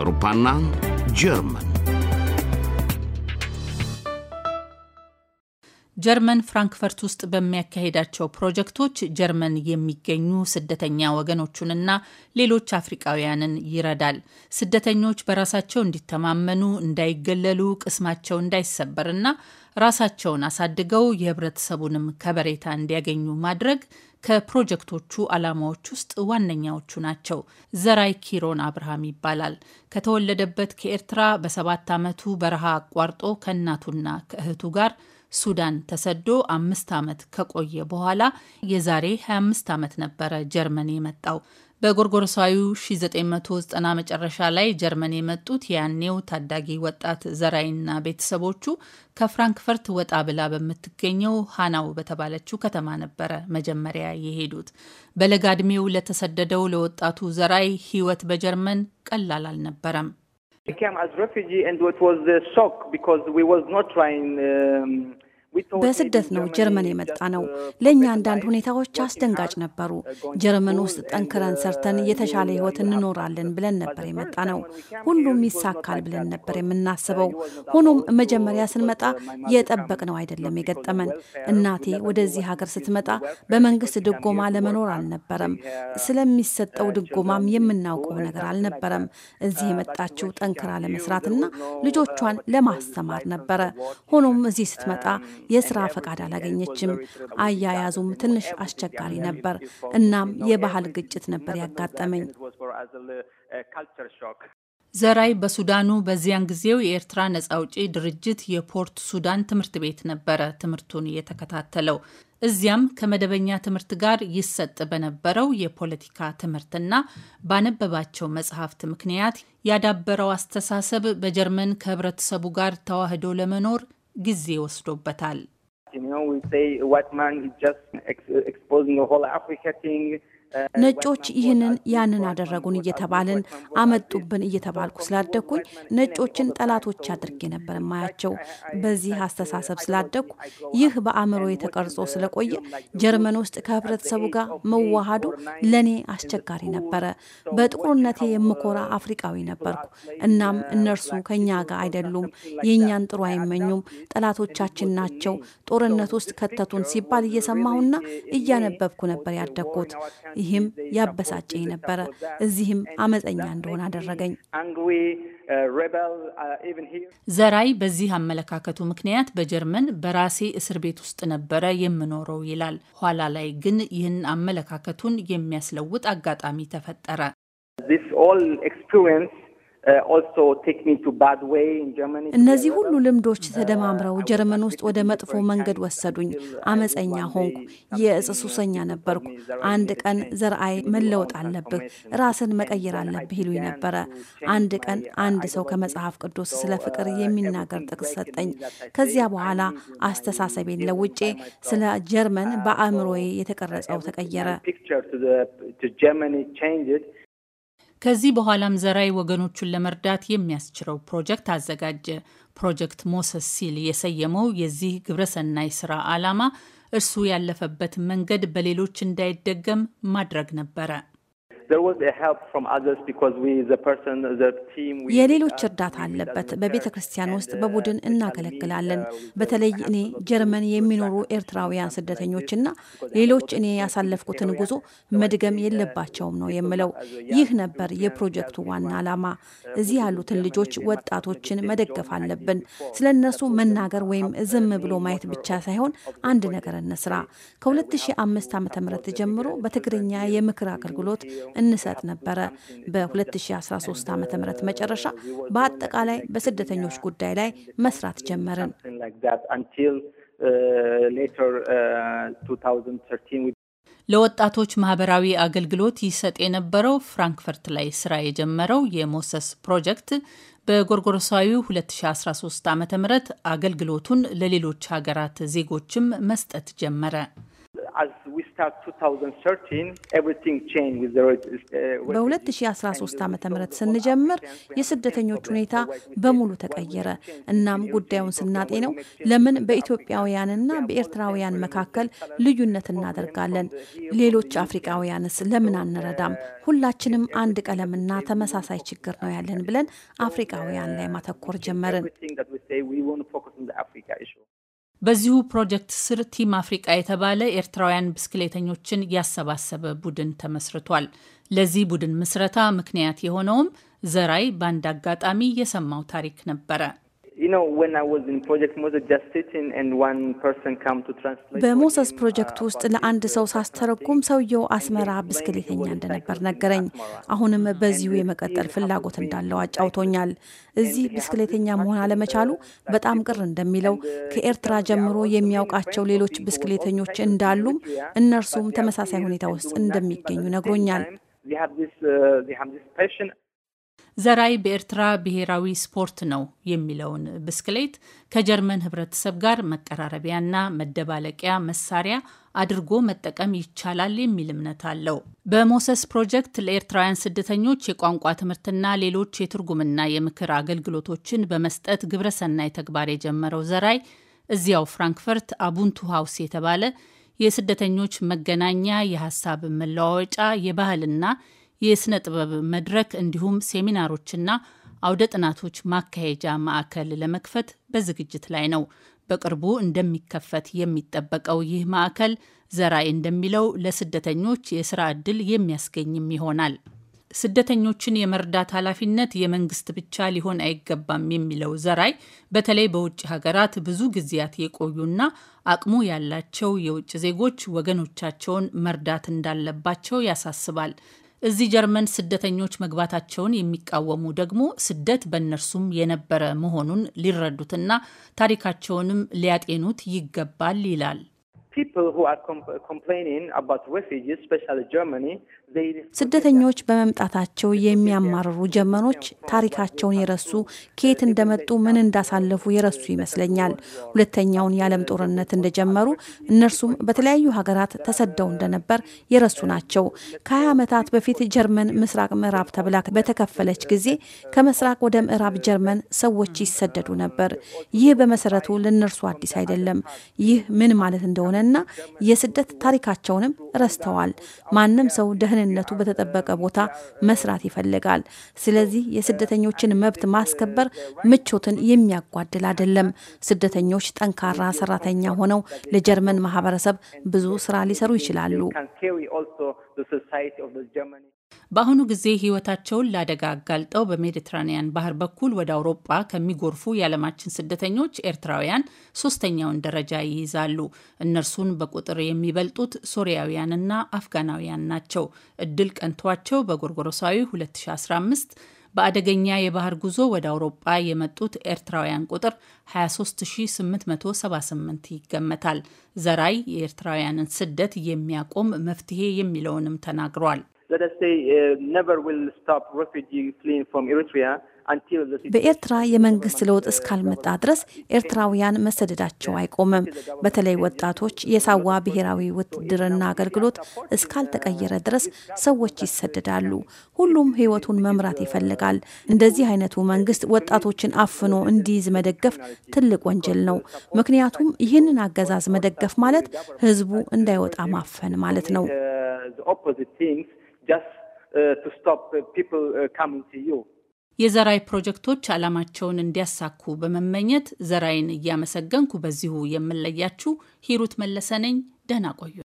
አውሮፓና ጀርመን ጀርመን ፍራንክፈርት ውስጥ በሚያካሄዳቸው ፕሮጀክቶች ጀርመን የሚገኙ ስደተኛ ወገኖቹንና ሌሎች አፍሪቃውያንን ይረዳል። ስደተኞች በራሳቸው እንዲተማመኑ፣ እንዳይገለሉ፣ ቅስማቸው እንዳይሰበርና ራሳቸውን አሳድገው የህብረተሰቡንም ከበሬታ እንዲያገኙ ማድረግ ከፕሮጀክቶቹ ዓላማዎች ውስጥ ዋነኛዎቹ ናቸው። ዘራይ ኪሮን አብርሃም ይባላል። ከተወለደበት ከኤርትራ በሰባት ዓመቱ በረሃ አቋርጦ ከእናቱና ከእህቱ ጋር ሱዳን ተሰዶ አምስት ዓመት ከቆየ በኋላ የዛሬ 25 ዓመት ነበረ ጀርመን የመጣው። በጎርጎርሳዊው 1990 መጨረሻ ላይ ጀርመን የመጡት ያኔው ታዳጊ ወጣት ዘራይና ቤተሰቦቹ ከፍራንክፈርት ወጣ ብላ በምትገኘው ሃናው በተባለችው ከተማ ነበረ መጀመሪያ የሄዱት። በለጋ ዕድሜው ለተሰደደው ለወጣቱ ዘራይ ህይወት በጀርመን ቀላል አልነበረም። በስደት ነው ጀርመን የመጣ ነው። ለእኛ አንዳንድ ሁኔታዎች አስደንጋጭ ነበሩ። ጀርመን ውስጥ ጠንክረን ሰርተን የተሻለ ሕይወት እንኖራለን ብለን ነበር የመጣ ነው። ሁሉም ይሳካል ብለን ነበር የምናስበው። ሆኖም መጀመሪያ ስንመጣ የጠበቅነው አይደለም የገጠመን። እናቴ ወደዚህ ሀገር ስትመጣ በመንግስት ድጎማ ለመኖር አልነበረም። ስለሚሰጠው ድጎማም የምናውቀው ነገር አልነበረም። እዚህ የመጣችው ጠንክራ ለመስራትና ልጆቿን ለማስተማር ነበረ። ሆኖም እዚህ ስትመጣ የስራ ፈቃድ አላገኘችም። አያያዙም ትንሽ አስቸጋሪ ነበር። እናም የባህል ግጭት ነበር ያጋጠመኝ። ዘራይ በሱዳኑ በዚያን ጊዜው የኤርትራ ነጻ አውጪ ድርጅት የፖርት ሱዳን ትምህርት ቤት ነበረ ትምህርቱን የተከታተለው። እዚያም ከመደበኛ ትምህርት ጋር ይሰጥ በነበረው የፖለቲካ ትምህርትና ባነበባቸው መጽሐፍት ምክንያት ያዳበረው አስተሳሰብ በጀርመን ከህብረተሰቡ ጋር ተዋህዶ ለመኖር You know, we say white man is just exposing the whole Africa thing. ነጮች ይህንን ያንን አደረጉን እየተባልን አመጡብን እየተባልኩ ስላደግኩኝ ነጮችን ጠላቶች አድርጌ ነበር ማያቸው። በዚህ አስተሳሰብ ስላደግኩ ይህ በአእምሮ የተቀርጾ ስለቆየ ጀርመን ውስጥ ከህብረተሰቡ ጋር መዋሃዱ ለእኔ አስቸጋሪ ነበረ። በጥቁርነቴ የምኮራ አፍሪቃዊ ነበርኩ። እናም እነርሱ ከእኛ ጋር አይደሉም፣ የእኛን ጥሩ አይመኙም፣ ጠላቶቻችን ናቸው፣ ጦርነት ውስጥ ከተቱን ሲባል እየሰማሁና እያነበብኩ ነበር ያደግኩት። ይህም ያበሳጨኝ ነበረ። እዚህም አመፀኛ እንደሆነ አደረገኝ። ዘራይ በዚህ አመለካከቱ ምክንያት በጀርመን በራሴ እስር ቤት ውስጥ ነበረ የምኖረው ይላል። ኋላ ላይ ግን ይህን አመለካከቱን የሚያስለውጥ አጋጣሚ ተፈጠረ። Uh, እነዚህ ሁሉ ልምዶች ተደማምረው ጀርመን ውስጥ ወደ መጥፎ መንገድ ወሰዱኝ። አመፀኛ ሆንኩ። የእጽ ሱሰኛ ነበርኩ። አንድ ቀን ዘርአይ መለወጥ አለብህ፣ ራስን መቀየር አለብህ ይሉኝ ነበረ። አንድ ቀን አንድ ሰው ከመጽሐፍ ቅዱስ ስለ ፍቅር የሚናገር ጥቅስ ሰጠኝ። ከዚያ በኋላ አስተሳሰቤን ለውጬ ስለ ጀርመን በአእምሮዬ የተቀረጸው ተቀየረ። ከዚህ በኋላም ዘራይ ወገኖቹን ለመርዳት የሚያስችለው ፕሮጀክት አዘጋጀ። ፕሮጀክት ሞሰስ ሲል የሰየመው የዚህ ግብረሰናይ ስራ ዓላማ እርሱ ያለፈበት መንገድ በሌሎች እንዳይደገም ማድረግ ነበረ። የሌሎች uh, እርዳታ አለበት። በቤተ ክርስቲያን ውስጥ uh, በቡድን እናገለግላለን። uh, በተለይ እኔ ጀርመን የሚኖሩ ኤርትራውያን ስደተኞችና ሌሎች እኔ ያሳለፍኩትን ጉዞ መድገም የለባቸውም ነው የምለው። ይህ ነበር የፕሮጀክቱ ዋና ዓላማ። እዚህ ያሉትን ልጆች፣ ወጣቶችን መደገፍ አለብን። ስለ እነሱ መናገር ወይም ዝም ብሎ ማየት ብቻ ሳይሆን አንድ ነገር እንስራ። ከ2005 ዓ.ም ጀምሮ በትግርኛ የምክር አገልግሎት እንሰጥ ነበረ። በ2013 ዓ ም መጨረሻ በአጠቃላይ በስደተኞች ጉዳይ ላይ መስራት ጀመርን። ለወጣቶች ማህበራዊ አገልግሎት ይሰጥ የነበረው ፍራንክፈርት ላይ ስራ የጀመረው የሞሰስ ፕሮጀክት በጎርጎሮሳዊ 2013 ዓ ም አገልግሎቱን ለሌሎች ሀገራት ዜጎችም መስጠት ጀመረ። በ2013 ዓ ም ስንጀምር የስደተኞች ሁኔታ በሙሉ ተቀየረ። እናም ጉዳዩን ስናጤነው ለምን በኢትዮጵያውያንና በኤርትራውያን መካከል ልዩነት እናደርጋለን? ሌሎች አፍሪቃውያንስ ለምን አንረዳም? ሁላችንም አንድ ቀለምና ተመሳሳይ ችግር ነው ያለን ብለን አፍሪቃውያን ላይ ማተኮር ጀመርን። በዚሁ ፕሮጀክት ስር ቲም አፍሪቃ የተባለ ኤርትራውያን ብስክሌተኞችን ያሰባሰበ ቡድን ተመስርቷል። ለዚህ ቡድን ምስረታ ምክንያት የሆነውም ዘራይ በአንድ አጋጣሚ የሰማው ታሪክ ነበረ። በሞሰስ uh, ፕሮጀክት ውስጥ ለአንድ ሰው ሳስተረጉም ሰውየው አስመራ ብስክሌተኛ እንደነበር ነገረኝ። አሁንም በዚሁ የመቀጠል ፍላጎት እንዳለው አጫውቶኛል። እዚህ ብስክሌተኛ መሆን አለመቻሉ በጣም ቅር እንደሚለው uh, ከኤርትራ ጀምሮ የሚያውቃቸው ሌሎች ብስክሌተኞች እንዳሉም እነርሱም ተመሳሳይ ሁኔታ ውስጥ እንደሚገኙ ነግሮኛል። ዘራይ በኤርትራ ብሔራዊ ስፖርት ነው የሚለውን ብስክሌት ከጀርመን ህብረተሰብ ጋር መቀራረቢያና መደባለቂያ መሳሪያ አድርጎ መጠቀም ይቻላል የሚል እምነት አለው። በሞሰስ ፕሮጀክት ለኤርትራውያን ስደተኞች የቋንቋ ትምህርትና ሌሎች የትርጉምና የምክር አገልግሎቶችን በመስጠት ግብረሰናይ ተግባር የጀመረው ዘራይ እዚያው ፍራንክፈርት አቡንቱ ሀውስ የተባለ የስደተኞች መገናኛ፣ የሀሳብ መለዋወጫ፣ የባህልና የስነ ጥበብ መድረክ እንዲሁም ሴሚናሮችና አውደ ጥናቶች ማካሄጃ ማዕከል ለመክፈት በዝግጅት ላይ ነው። በቅርቡ እንደሚከፈት የሚጠበቀው ይህ ማዕከል ዘራይ እንደሚለው ለስደተኞች የስራ ዕድል የሚያስገኝም ይሆናል። ስደተኞችን የመርዳት ኃላፊነት የመንግስት ብቻ ሊሆን አይገባም የሚለው ዘራይ በተለይ በውጭ ሀገራት ብዙ ጊዜያት የቆዩና አቅሙ ያላቸው የውጭ ዜጎች ወገኖቻቸውን መርዳት እንዳለባቸው ያሳስባል። እዚህ ጀርመን ስደተኞች መግባታቸውን የሚቃወሙ ደግሞ ስደት በእነርሱም የነበረ መሆኑን ሊረዱትና ታሪካቸውንም ሊያጤኑት ይገባል ይላል። ስደተኞች በመምጣታቸው የሚያማርሩ ጀርመኖች ታሪካቸውን የረሱ ከየት እንደመጡ ምን እንዳሳለፉ የረሱ ይመስለኛል። ሁለተኛውን የዓለም ጦርነት እንደጀመሩ እነርሱም በተለያዩ ሀገራት ተሰደው እንደነበር የረሱ ናቸው። ከ20 ዓመታት በፊት ጀርመን ምስራቅ ምዕራብ ተብላ በተከፈለች ጊዜ ከምስራቅ ወደ ምዕራብ ጀርመን ሰዎች ይሰደዱ ነበር። ይህ በመሰረቱ ለእነርሱ አዲስ አይደለም። ይህ ምን ማለት እንደሆነ እና የስደት ታሪካቸውንም ረስተዋል። ማንም ሰው ደህንነቱ በተጠበቀ ቦታ መስራት ይፈልጋል። ስለዚህ የስደተኞችን መብት ማስከበር ምቾትን የሚያጓድል አይደለም። ስደተኞች ጠንካራ ሰራተኛ ሆነው ለጀርመን ማህበረሰብ ብዙ ስራ ሊሰሩ ይችላሉ። በአሁኑ ጊዜ ህይወታቸውን ለአደጋ አጋልጠው በሜዲትራኒያን ባህር በኩል ወደ አውሮጳ ከሚጎርፉ የዓለማችን ስደተኞች ኤርትራውያን ሶስተኛውን ደረጃ ይይዛሉ። እነርሱን በቁጥር የሚበልጡት ሶሪያውያንና አፍጋናውያን ናቸው። እድል ቀንቷቸው በጎርጎሮሳዊ 2015 በአደገኛ የባህር ጉዞ ወደ አውሮጳ የመጡት ኤርትራውያን ቁጥር 23878 ይገመታል። ዘራይ የኤርትራውያንን ስደት የሚያቆም መፍትሄ የሚለውንም ተናግሯል። Uh, በኤርትራ የመንግስት ለውጥ እስካልመጣ ድረስ ኤርትራውያን መሰደዳቸው አይቆምም። በተለይ ወጣቶች የሳዋ ብሔራዊ ውትድርና አገልግሎት እስካልተቀየረ ድረስ ሰዎች ይሰደዳሉ። ሁሉም ህይወቱን መምራት ይፈልጋል። እንደዚህ አይነቱ መንግስት ወጣቶችን አፍኖ እንዲይዝ መደገፍ ትልቅ ወንጀል ነው። ምክንያቱም ይህንን አገዛዝ መደገፍ ማለት ህዝቡ እንዳይወጣ ማፈን ማለት ነው። uh, Uh, uh, uh, የዘራይ ፕሮጀክቶች ዓላማቸውን እንዲያሳኩ በመመኘት ዘራይን እያመሰገንኩ በዚሁ የምለያችሁ ሂሩት መለሰ ነኝ። ደህና ቆዩ።